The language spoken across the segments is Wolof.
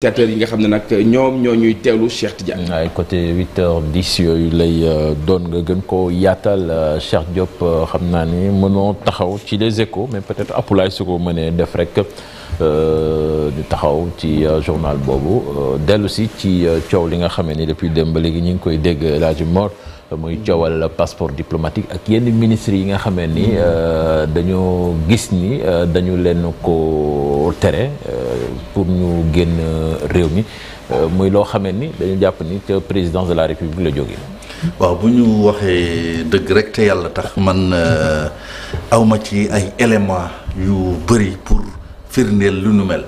spectateurs yi nga xam ne nag ñoom ñoo ñuy teewlu Cheikh Tidiane. Mm, ay côté huit heures dix yooyu lay euh, doon nga gën ko yaatal euh, Cheikh Diop euh, xam naa ni mënoo taxaw ci les échos mais peut-être apulaay su ko mënee def rek di taxaw ci journal boobu dellu si ci coow li nga xamee ni depuis démb ba léegi ñu ngi koy dégg laaj mort muy coowal passeport diplomatique ak yenn ministres yi nga xamee ni hmm. euh, dañoo gis ni euh, dañu leen ko tere euh, pour ñu génn réew mi muy loo xamee ni dañu jàpp ni ca présidence de la république la jóge waaw bu ñu waxee dëgg rek te yàlla tax man awma ci ay éléments yu bëri pour firndeel lu nu mel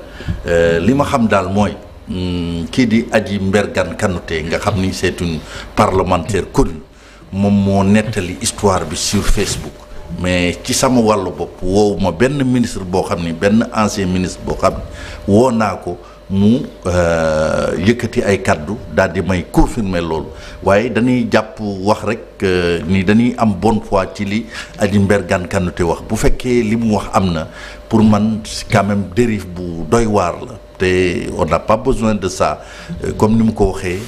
li ma xam daal mooy hmm, kii di Adji Mbergane Kanouté nga xam ni c'est une parlementaire connue moom moo nettali histoire bi sur Facebook mais ci sama wàllu bopp woowu ma benn ministre boo xam ni benn ancien ministre boo xam ni woo naa ko mu euh, yëkkati ay kàddu daal di may confirmer loolu waaye dañuy jàpp wax rek euh, ni dañuy am bonne fois ci li Aly Mbergane Kanouté wax bu fekkee li mu wax am na pour man quand même bu doy waar la te on n'a pas besoin de ça euh, comme ni mu ko waxee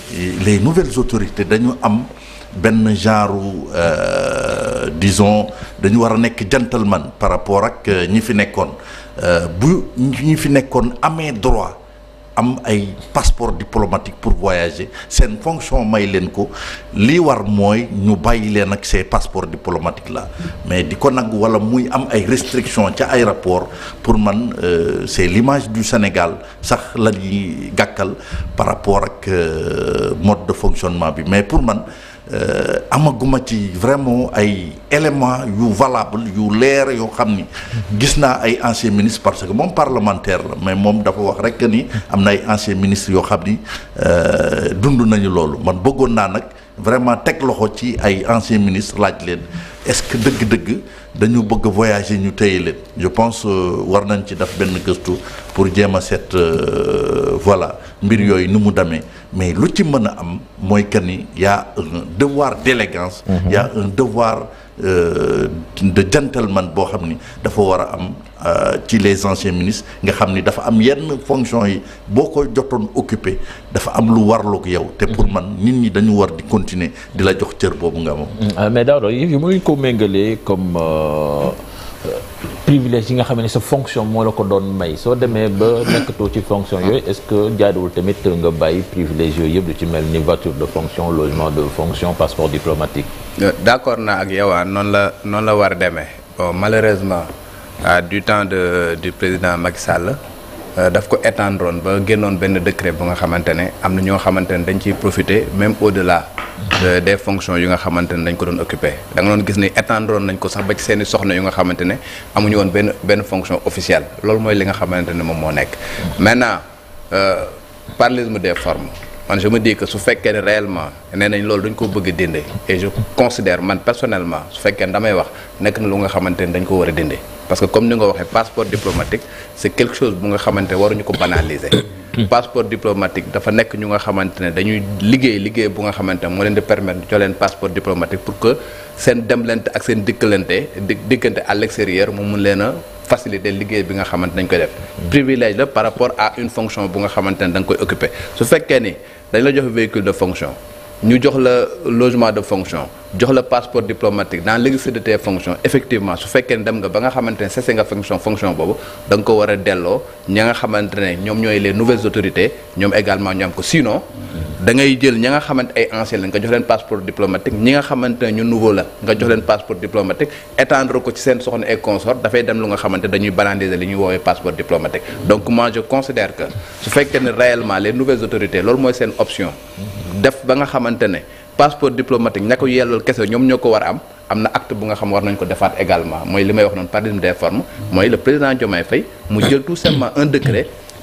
les nouvelles autorités dañu am benn genre euh, dison dañu war a nekk gentleman par rapport ak euh, ñi fi nekkoon euh, bu ñi fi nekkoon amee droit am ay passeport diplomatique pour voyager seen fonction may leen ko lii war mooy ñu bàyyi leen ak ces passeport diplomatique la mais di ko nag wala muy am ay restriction ca aéroport pour man c'est l'image du Sénégal sax la ñuy gàkkal par rapport ak mode de fonctionnement bi mais pour man Euh, amaguma ci vraiment ay éléments yu valable yu leer yoo xam ni gis naa ay ancien ministre parce que moom parlementaire la mais moom dafa wax rek nii am na ay ancien ministre yoo xam ni euh, dund nañu loolu man bëggoon naa nag vraiment teg loxo ci ay ancien ministre laaj leen est-ce que dëgg-dëgg dañu bëgg voyager ñu téye leen je pense euh, war nañ ci def benn gëstu pour jéem a set voilà mbir yooyu nu mu demee mais lu ci mën a am mooy que ni y' a un devoir d'élégance mhm. y' a un devoir euh, de gentleman boo xam ni dafa war a am euh, ci les anciens ministres nga xam ni dafa am yenn fonction yi boo ko jotoon occupé dafa am lu warlook yow te pour man nit ñi dañu war di continuer di la jox cër boobu nga moom ah, mais Daouda yi mu ngi ko méngalee comme euh, privilège yi nga xam ne sa fonction moo la ko doon may soo demee ba nekkatoo ci fonction yooyu est-ce que jaaduwul tamit nga bàyyi privilège yooyu yëpp du ci mel ni voiture de fonction logement de fonction passeport diplomatique. Euh, d'accord na ak yow ah, noonu la noonu la war a demee bon malheureusement du temps de du président Macky Sall. Euh, daf ko étendroon ba génnoon benn décret bu nga xamante ne am na ñoo xamante ne dañ ciy profité même de delà des fonctions yu nga xamante ne dañ ko doon occupé danga nga doon gis ne étendroon nañ ko sax ba seeni soxna yu nga xamante ne amuñu woon benn benn fonction officielle loolu mooy li nga xamante ne moom moo nekk maintenant euh, parallélisme des formes man je me dis que su fekkee ne réellement nee nañ dañ ko bëgg a dindi et je considère man personnellement su fekkee ne damay wax nekk na lu nga xamante ne dañ ko war a dindi parce que comme ni nga waxee passeport diplomatique c'est quelque chose bu nga xamante waruñu ko banaliser. Hmm. passeport diplomatique dafa nekk ñu nga xamante ne dañuy liggéey liggéey bu nga xamante ne moo leen di permettre ñu jox leen passeport diplomatique pour que seen demlante ak seen dikkalante di diggante à l'extérieur mu mun leen faciliter liggéey bi nga xamante nañ koy def privilège la par rapport à une fonction bu nga xamante ne da nga koy occuper su fekkee ni dañ la jox véhicule de fonction ñu jox la logement de fonction jox la passeport diplomatique dans l'exercice de tes fonctions effectivement su fekkee ne dem nga ba nga xamante ne cessé nga fonction fonction boobu da ko war a delloo ña nga xamante ñoom ñooy les nouvelles autorité ñoom également ñu ko sinon da ngay jël ña nga xamante ay ancien la nga jox leen passeport diplomatique nga xamante ne ñu nouveau la nga jox leen passeport diplomatique étendre ko ci seen soxna et consort dafay dem lu nga xamante dañuy banaliser li ñuy woowee passeport diplomatique donc moi je considère que su fekkee ne réellement les nouvelles autorités loolu mooy seen option def ba nga xamante ne passeport diplomatique ña ko yellal kese ñoom ñoo ko war am am na acte bu nga xam war nañ ko defaat également mooy li may wax noonu paradigme des formes mooy le président Diomaye Faye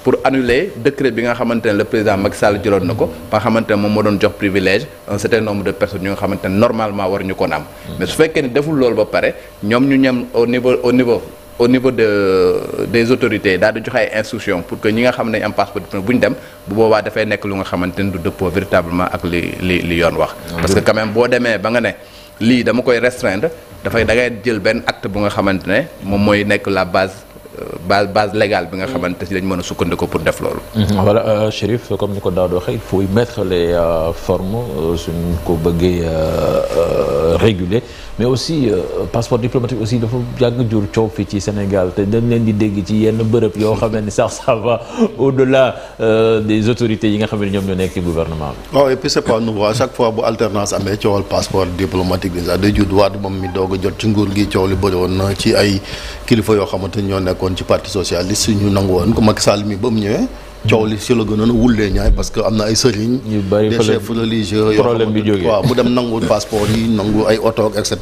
pour annuler décret bi nga xamante ne le président Macky Sall jëloon na ko ba nga xamante moom moo doon jox privilège un certain nombre de personnes ñu nga xamante ne normalement war ñu koon am mais niveau au niveau de des autorités daal joxe ay pour que ñi nga xam ne am passeport diplomatique bu ñu dem bu boobaa dafay nekk lu wax ah, parce que quand boo demee ba nga ne lii dama koy restreindre dafay da ngay jël benn acte nga xamante ne moom mooy nekk la base base base légale bi nga xamante si dañ mën a sukkandiku pour def loolu. Mm-hmm. voilà euh, Chérif comme ni ko Daoud waxee il faut y mettre les euh, formes euh, suñ ko bëggee. réguler mais aussi euh, passeport diplomatique aussi dafa jàgg jur coow fii ci Sénégal te dañ leen di dégg ci yenn bërëb yoo xam ne sax ça va de delà euh, des autorités yi nga xam ne ñoom ñoo nekk ci gouvernement bi. waaw oh, et puis c'est pas chaque fois bu alternance amee coowal passeport diplomatique bi sax day judd waat mi doog jot ci nguur gi coow li bëri woon na ci ay kilifa yoo xamante ni ñoo nekkoon ci parti socialiste ñu nangu woon ko Macky Sall mi ba mu ñëwee. coow li si la gënoon a wullee ñaay parce que am na ay sëriñ. yu bari des chefs religieux yoo problème bi jógee waaw mu dem nangu passeport yi nangu ay oto et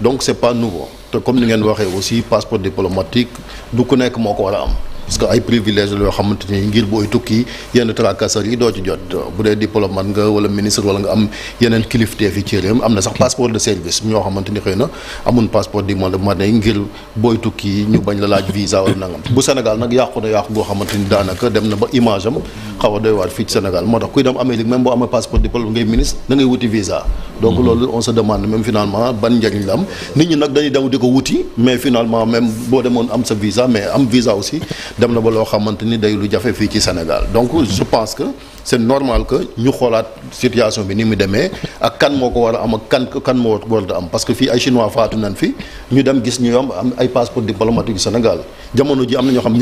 donc c' est pas nouveau te comme ni ngeen waxee aussi passeport diplomatique du ku nekk moo ko war a am. parce que ay privilège la yoo xamante ni ngir booy tukki yenn tracasseries yi doo ci jot bu dee diplomate nga wala ministre wala nga am yeneen kilifteef yi ci réew am na sax passeport de service ñoo xamante ni xëy na amun passeport di monde ma ngir booy tukki ñu bañ la laaj visa wala nangam bu Sénégal nag yàqu na yàqu goo xamante ni daanaka dem na ba image am xaw a doy waar fii ci Sénégal moo tax kuy dem Amérique même boo amee passeport diplôme ngay ministre da ngay wuti visa donc mhm. loolu on se demande même finalement ban njëriñ la nit ñi nag dañuy dem di ko wuti mais finalement même boo demoon am sa visa mais am visa aussi dem na ba loo xamante ni day lu jafe fii ci Sénégal donc je pense que c'est normal que ñu xoolaat situation bi ni mu demee ak kan moo ko war am ak kan moo war am parce que fii ay chinois faatu nañ fi ñu dem gis ñu am am ay passeport diplomatique Sénégal jamono ji am na ñoo xam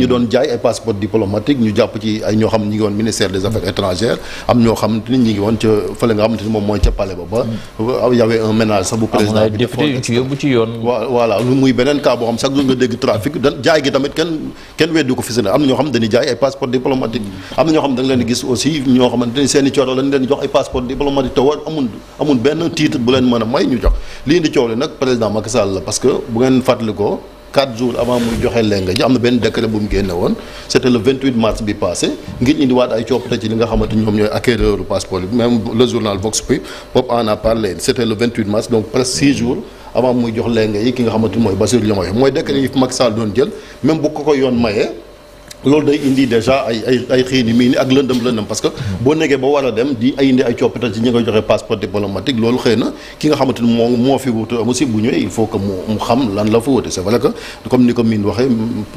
ñu ñu jàpp ci ay ñoo xam ñu ngi woon ministère des affaires étrangères am ñoo xam ni ñu ngi woon ca fële nga xamante ni moom mooy ca palais ba ba y un ménage sax bu président bi yóbbu ci yoon voilà muy beneen cas xam sax nga dégg trafic xam am na ñoo xam da nga leen gis aussi ñoo xamante ni seen i coono lañ leen jox ay passeport diplomatique te war amul benn titre bu leen mën a may ñu jox lii indi am na benn décret bu mu génne woon c' était mars bi passé ngir indiwaat ay coppite ci li nga xamante ñoom ñooy acquéreur passeport bi le journal Vox Pop boobu a parlé c' était le mars donc presque six jours avant muy jox lenga yi ki nga xamante ni mooy Bassirou Diomaye mooy décret loolu day indi déjà ay ay ay xii ak lëndëm lëndëm parce que boo nekkee ba war a dem di ay indi ay coppite ci ñi nga joxe passeport diplomatique loolu xëy na ki nga xamante ni moo moo fi wutu aussi bu ñëwee il faut que mu xam lan la fa wute c'est vrai que comme ni ko miin waxee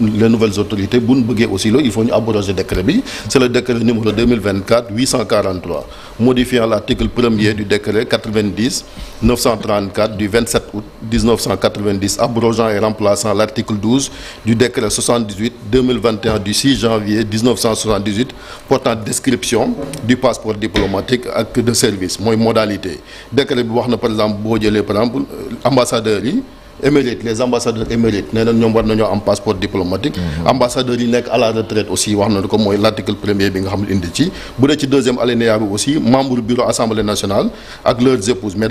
les nouvelles autorités bu ñu bëggee aussi loolu il faut ñu abroger décret bi c'est le décret numéro 2024 843 modifiant l'article 1er du décret 90 934 du 27 août 1990 abrogeant et remplaçant l'article 12 du décret 78 2021 du 6 janvier 1978 portant description du passeport diplomatique ak de service mooy modalité décret bi wax na par exemple boo jëlee par exemple euh, ambassadeurs yi émérite les ambassadeurs émérites nee ñoom war nañoo am passeport diplomatique. Mhm. ambassadeurs yi nekk à retraite aussi wax na ko mooy l' article premier bi nga xam ne indi bu dee ci deuxième alinéa bi aussi membre bureau assemblée nationale ak leurs épouses mais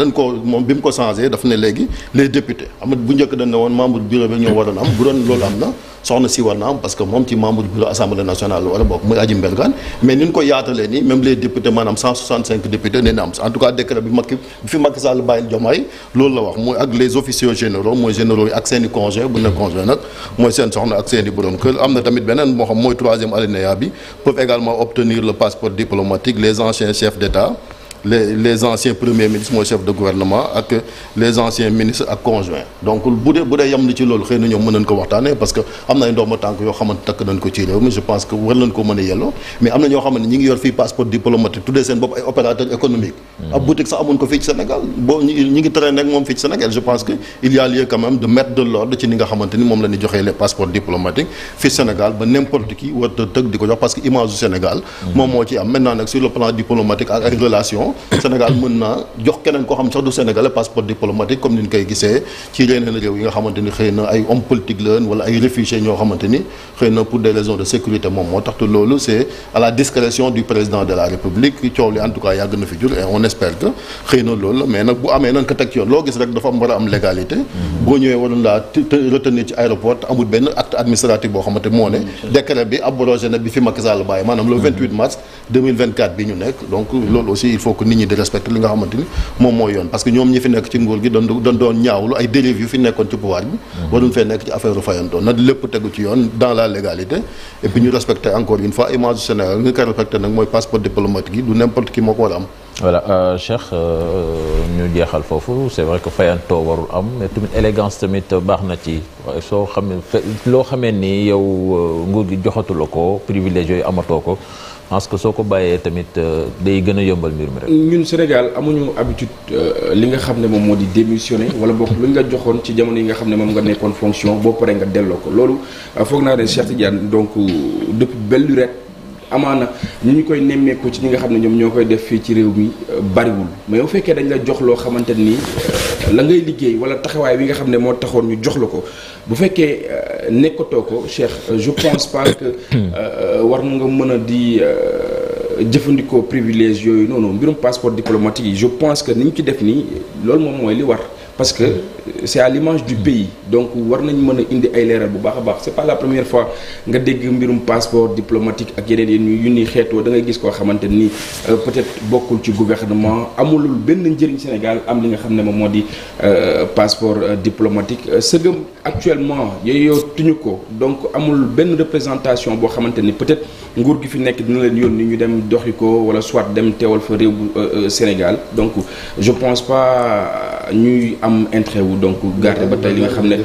bu njëkk dañ woon membre bureau bi ñoo waroon am bu loolu am na soxna si war na am parce que moom ci membre bureau assemblée nationale wala bokk muy aji mooy généraux ak seen i conjoint bu ne conjoint nag mooy seen soxna ak seen i borom kër am na tamit beneen moo xam mooy troisième alinéa bi peuvent également obtenir le passeport diplomatique les anciens chefs d'État les les anciens premiers ministres mooy chef de gouvernement ak les anciens ministres ak conjoints donc bu dee bu na ci loolu xëy na ñoom mën nañ ko waxtaanee passeport diplomatique tuddee seen bopp ay opérateur économique hmm. ab boutique sax amuñ ko fii Sénégal boo ñi ngi traîner ak moom fii Sénégal je pense que il y lieu quand de mettre de l'ordre ci ni nga xamante ni moom la ñu joxee les passeports diplomatiques fii Sénégal ba n'importe qui war a tëgg di ko jox parce que image du Sénégal hmm. moom façon Sénégal mën naa jox keneen koo xam sax du Sénégalais passeport diplomatique comme ni ñu koy gisee ci yeneen réew yi nga xamante xëy na ay homme politique lañ wala ay réfugiés ñoo xamante xëy na pour des raisons de sécurité moom moo tax te loolu c'est à la discrétion du président de la République coow li en tout cas yàgg na fi jur et on espère que xëy na loolu mais nag bu amee nañ ko teg ci yoon loo gis rek dafa am war a am légalité mm-hmm. boo ñëwee waroon nit ñi di respecté li nga xamante ni moom mooy yoon parce que ñoom ñi fi nekk ci nguur gi doon doon doon ñaawlu ay dérives yu fi nekkoon ci pouvoir bi mhm. waruñ fee nekk ci affaire u fayantoo na lépp tegu ci yoon dans la légalité et puis ñu respecté encore une fois image Sénégal nga koy respecté nag mooy passeport diplomatique yi du n'importe qui moo ko war a am voilà euh, Cheikh euh, ñu jeexal foofu c'est vrai que fayantoo warul am mais tamit élégance tamit baax na ci soo xam loo xamee ni yow euh, nguur gi joxatula ko privilège yooyu amatoo ko parce que soo ko bàyyee tamit euh, day gën a yombal mbir mi rek. ñun Sénégal amuñu habitude euh, li nga xam ne moom moo di démissionner wala boog lu ñu la joxoon ci jamono yi nga xam ne moom nga nekkoon fonction boo paree nga delloo ko loolu euh, foog naa ne Cheikh Tidiane donc depuis belle lurette amaana ñu ñu koy nemmeeku ci ñi nga xam ne ñoom ñoo koy def fii ci réew mi bariwul mais bu fekkee dañ la jox loo xamante nii la ngay liggéey wala taxawaay bi nga xam ne moo taxoon ñu jox la ko bu fekkee euh, nekkatoo ko Cheikh euh, je pense parce que hmm. euh, war nga mën a di jëfandikoo privilège yooyu noonu mbirum passeport diplomatique yi je pense que ni ñu ci def nii loolu moom mooy li war parce que c'est à l'image du pays donc war nañ mën a indi ay leeral bu baax a baax c'est pas la première fois nga dégg mbirum passeport diplomatique ak yeneen yéen yu ni xeetoo da ngay gis koo xamante ni euh, peut-être bokkul ci gouvernement amulul benn njëriñ Sénégal am li nga xam ne moom moo di euh, passeport euh, diplomatique sëgëm actuellement yooyu tuñu ko donc amul benn représentation boo xamante ni peut-être nguur gi fi nekk dina leen yoon yónni ñu dem doxi ko wala soit dem teewal fa réew Sénégal donc je pense pas am intérêt wu donc garder ba tey li nga xam ne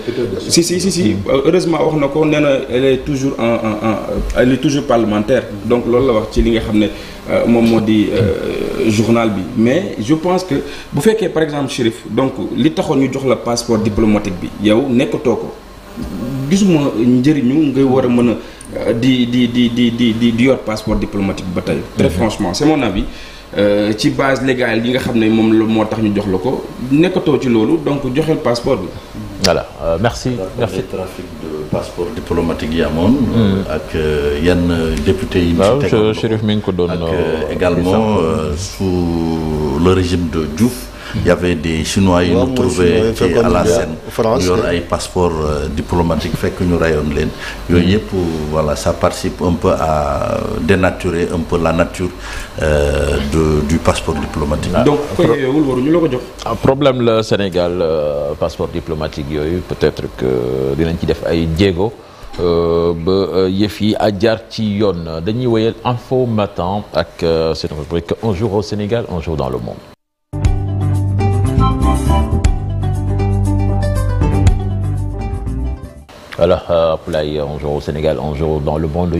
si si si si heureusement wax na ko nee na elle est toujours en en en toujours parlementaire donc loolu la wax ci li nga xam ne euh, moom moo di euh, journal bi mais je pense que bu fekkee par exemple Chérif donc li taxoon ñu jox la passeport diplomatique bi yow nekkatoo ko gisuma njëriñu ngay war a mën a euh, di di di di di di yor passeport diplomatique ba tey très mhm. franchement c'est mon avis Euh, ci base légale yi nga xam ne moom la moo tax ñu jox la ko nekkatoo ci loolu donc joxel passeport bi. voilà euh, merci merci trafic de passeport diplomatique yi amoon. Hmm. ak euh, yenn député yi. waaw Chérif mi ngi ko doon ak également su le régime de Diouf. il y avait des chinois yu ñu trouvé ci à la Seine ñu yor ay passeport euh, diplomatique fekk ñu rayoon leen yooyu mm. yëpp voilà ça participe un peu à dénaturer un peu la nature euh, de du passeport diplomatique ah. donc yooyu waruñu la ko jox ah, problème la Sénégal euh, passeport diplomatique yooyu peut-être que dinañ ci def ay jéego euh, ba euh, yëf yi a jaar ci yoon dañuy wéyal info matin ak seen rubrique un jour au Sénégal un jour dans le monde alors euh, Abdoulaye un jour au Sénégal un jour dans le monde